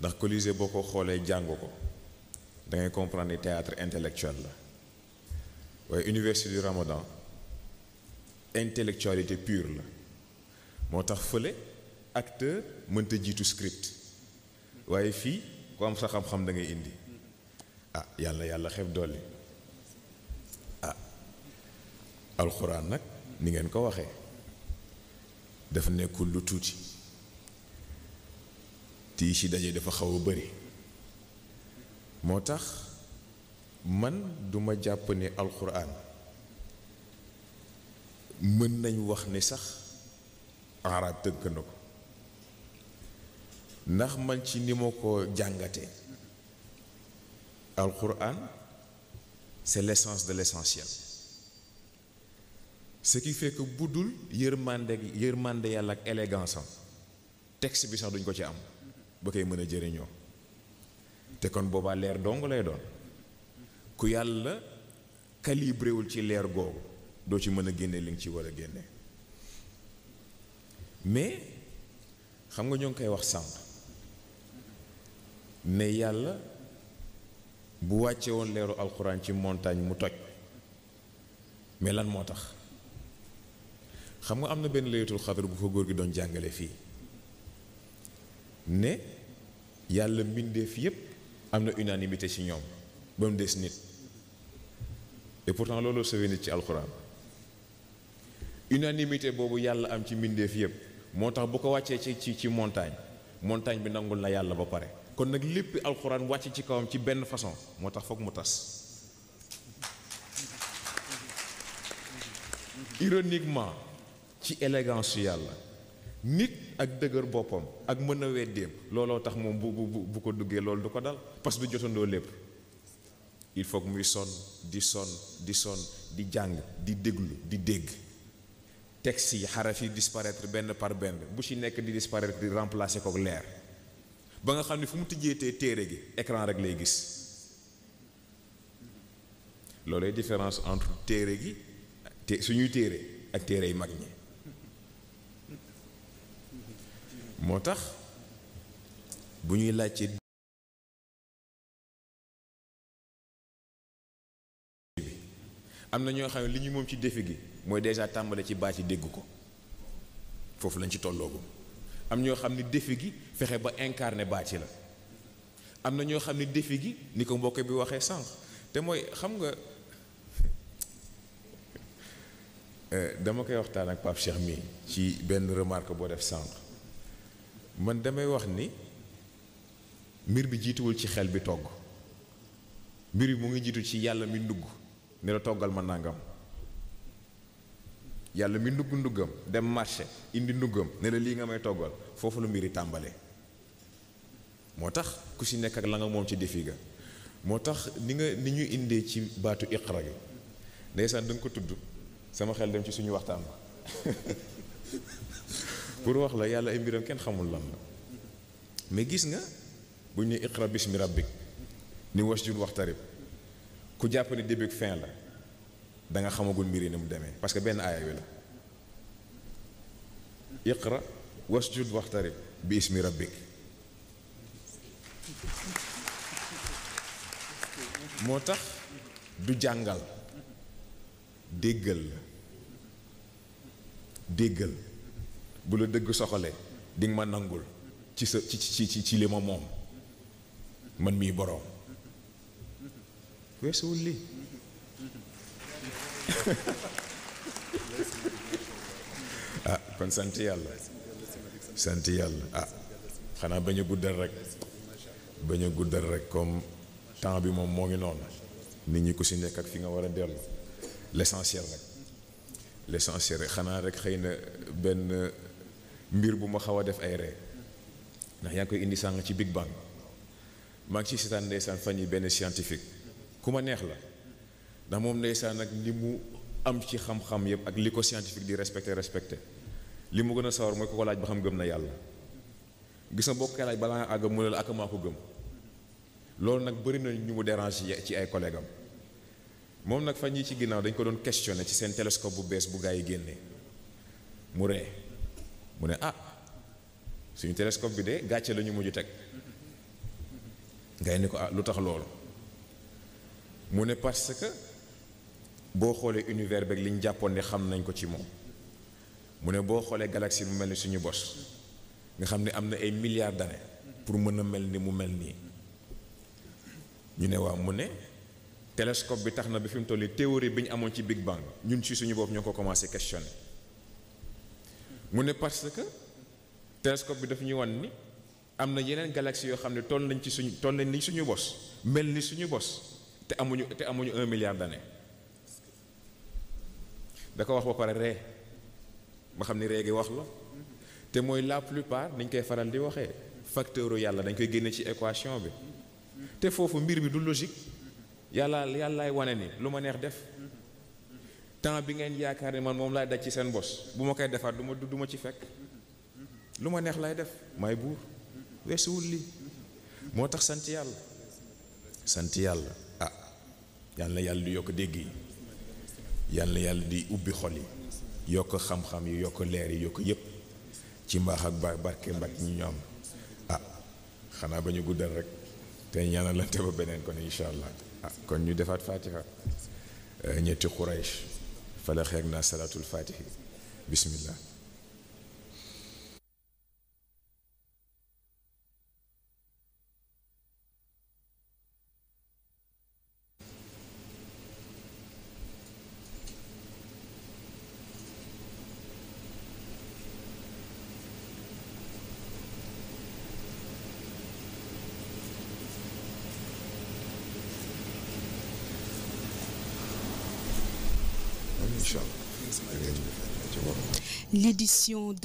ndax Colisée boo ko xoolee jàng ko da ngay comprendre ni théâtre intellectuel la waaye université du Ramadan intellectualité pure la moo tax fële acteur mënta jiitu script waaye fii ku am sa xam-xam da indi ah yàlla yàlla xeeb dolli ah alxuraan nag ni ngeen ko waxee dafa nekkul lu tuuti te yi daje dafa xaw a bëri moo tax man duma jàpp ne alxuraan mën nañ wax ni sax arab tënk na ko ndax man ci ni ma ko jàngate alxuraan c'est l'essence de l'essentiel ce qui fait que bu dul yërmande yërmande yàlla ak élégance am texte bi sax duñ ko ci am ba koy mën a jëriñoo te kon boobaa leer dong lay doon ku yàlla calibré wul ci leer googu doo ci mën a génne li nga ci war a génne mais xam nga ñoo ngi koy wax sànq ne yàlla bu wàcce woon leeru alxuraan ci montagne mu toj mais lan moo tax xam nga am na benn layatul xadar bu ko góor gi doon jàngale fii ne yàlla mbindeef yépp am na unanimité ci ñoom ba mu des nit et pourtant loolu sëwe nit ci alxuraan unanimité boobu yàlla am ci mbindeef yépp moo tax bu ko wàccee ci ci ci montagne montagne bi nangul na yàlla ba pare kon nag lépp alxuraan wàcc ci kawam ci benn façon moo tax foog mu tas ironiquement ci élégance yàlla nit ak dëgër boppam ak mën a weddeem looloo tax moom bu bu bu ko duggee loolu du ko dal parce que du jotandoo lépp il faut que muy sonn di sonn di sonn di jàng di déglu di dégg texte yi xaraf yi disparaître benn par benn bu ci nekk di disparaître di remplacer ko leer ba nga xam ne fu mu tijjeetee téere gi écran rek lay gis loolay différence entre téere gi te suñuy téere ak téere yu mag ñi moo tax bu ñuy laajte bi am na ñoo xam ne li ñu moom ci défi gi mooy déjà tàmbali ci yi dégg ko foofu lañ ci tolloogum am ñoo xam ne défi gi fexe ba incarné baati la am na ñoo xam ne défi gi ni ko mbokke bi waxee sànq te mooy xam nga euh, dama koy waxtaan ak Pape Cheikh mi ci benn remarque boo def sànq man damay wax ni mbir bi jiituwul ci xel bi togg mbir bi mu ngi jiitu ci yàlla mi ndugg ne toggal ma nangam yàlla mi ndugg nduggam dem marché indi nduggam ne lii nga may toggal foofu la mbir yi tàmbalee moo tax ku si nekk ak la nga moom ci defi ga moo tax ni nga ni ñu indee ci baatu iqra gi ndeysaan da nga ko tudd sama xel dem ci suñu waxtaan ba pour wax la yàlla ay mbiram kenn xamul lan la mais gis nga bu ñuy iqra bismi rabbik ni wasjud waxtarib ku jàpp ne fin la danga xamagul mbir ni mu demee parce que benn aaya wi la iqra wasjud waxtarib bi ismi rabbik moo tax du jàngal déggal la déggal bu la dëgg soxalee di nga ma nangul ci sa ci ci li ma moom man mii boroom weesuwul lii ah kon sant yàlla sant yàlla ah xanaa bañ guddal rek bañ a guddal rek comme temps bi moom moo ngi noonu nit ñi ko si nekk ak fi nga war a dellu l'essentiel rek l'essentiel rek xanaa rek xëy na benn mbir bu ma xaw a def ay ree ndax yaa ngi koy indi sàng ci Big Bang maa ngi ci seetaan ndeysaan fan yi benn scientifique ku ma neex la ndax moom ndeysaan ak li mu am ci xam-xam yëpp ak li ko scientifique di respecté respecté li mu gën a sawar mooy ku ko laaj ba xam gëm na yàlla gis na boo ko laaj balaa nga àgg mu ne la ak ko gëm loolu nag bëri na ñu mu dérange ci ay collègue am moom nag fan yii ci ginnaaw dañ ko doon questionné ci seen télescope bu bees bu gaa yi génnee mu mu ne ah suñu télescope bi de gàcce la ñu mujj teg ngay ni ko ah lu tax loolu mu ne parce que boo xoolee univers beeg li ñu jàppoon ne xam nañ ko ci moom mu ne boo xoolee galaxie mu mel ni suñu bos nga xam ne am na ay milliards d'années pour mën a mel ni mu mel nii ñu ne waaw mu ne télescope bi tax na bi fi mu toll théorie bi ñu amoon ci Big Bang ñun ci suñu bopp ñoo ko commencé questionner. mu ne parce que télescope bi daf ñu wan ni am na yeneen galaxie yoo xam ne toll nañ ci suñu toll nañ ni suñu bos mel ni suñu bos te amuñu te amuñu un milliard d'années da wax ba pare ree ma xam ni ree gi wax la te mooy la plupart dañ koy faral di waxee facteur yàlla dañ koy génne ci équation bi te foofu mbir bi du logique yàlla yàllaay wane ni lu ma neex def temps bi ngeen yaakaar ni man moom laay daj ci seen bos bu ma koy defaat du ma du ma ci fekk lu ma neex lay def may buur weesuwul li moo tax sant yàlla sant yàlla ah yàlla yàlla di yokk dégg yi yàlla di ubbi xol yi yokk xam-xam yi yokk leer yi yokk yépp ci mbaax ak ba barke mbag ñu ñoom ah xanaa ba ñu guddal rek te ñaanalante ba beneen kon incha allah ah, kon ñu defaat fatiha eh, ñetti Quraysh falaxeeg naa salaatul faatihi bismillah Inch'Allah. L'édition de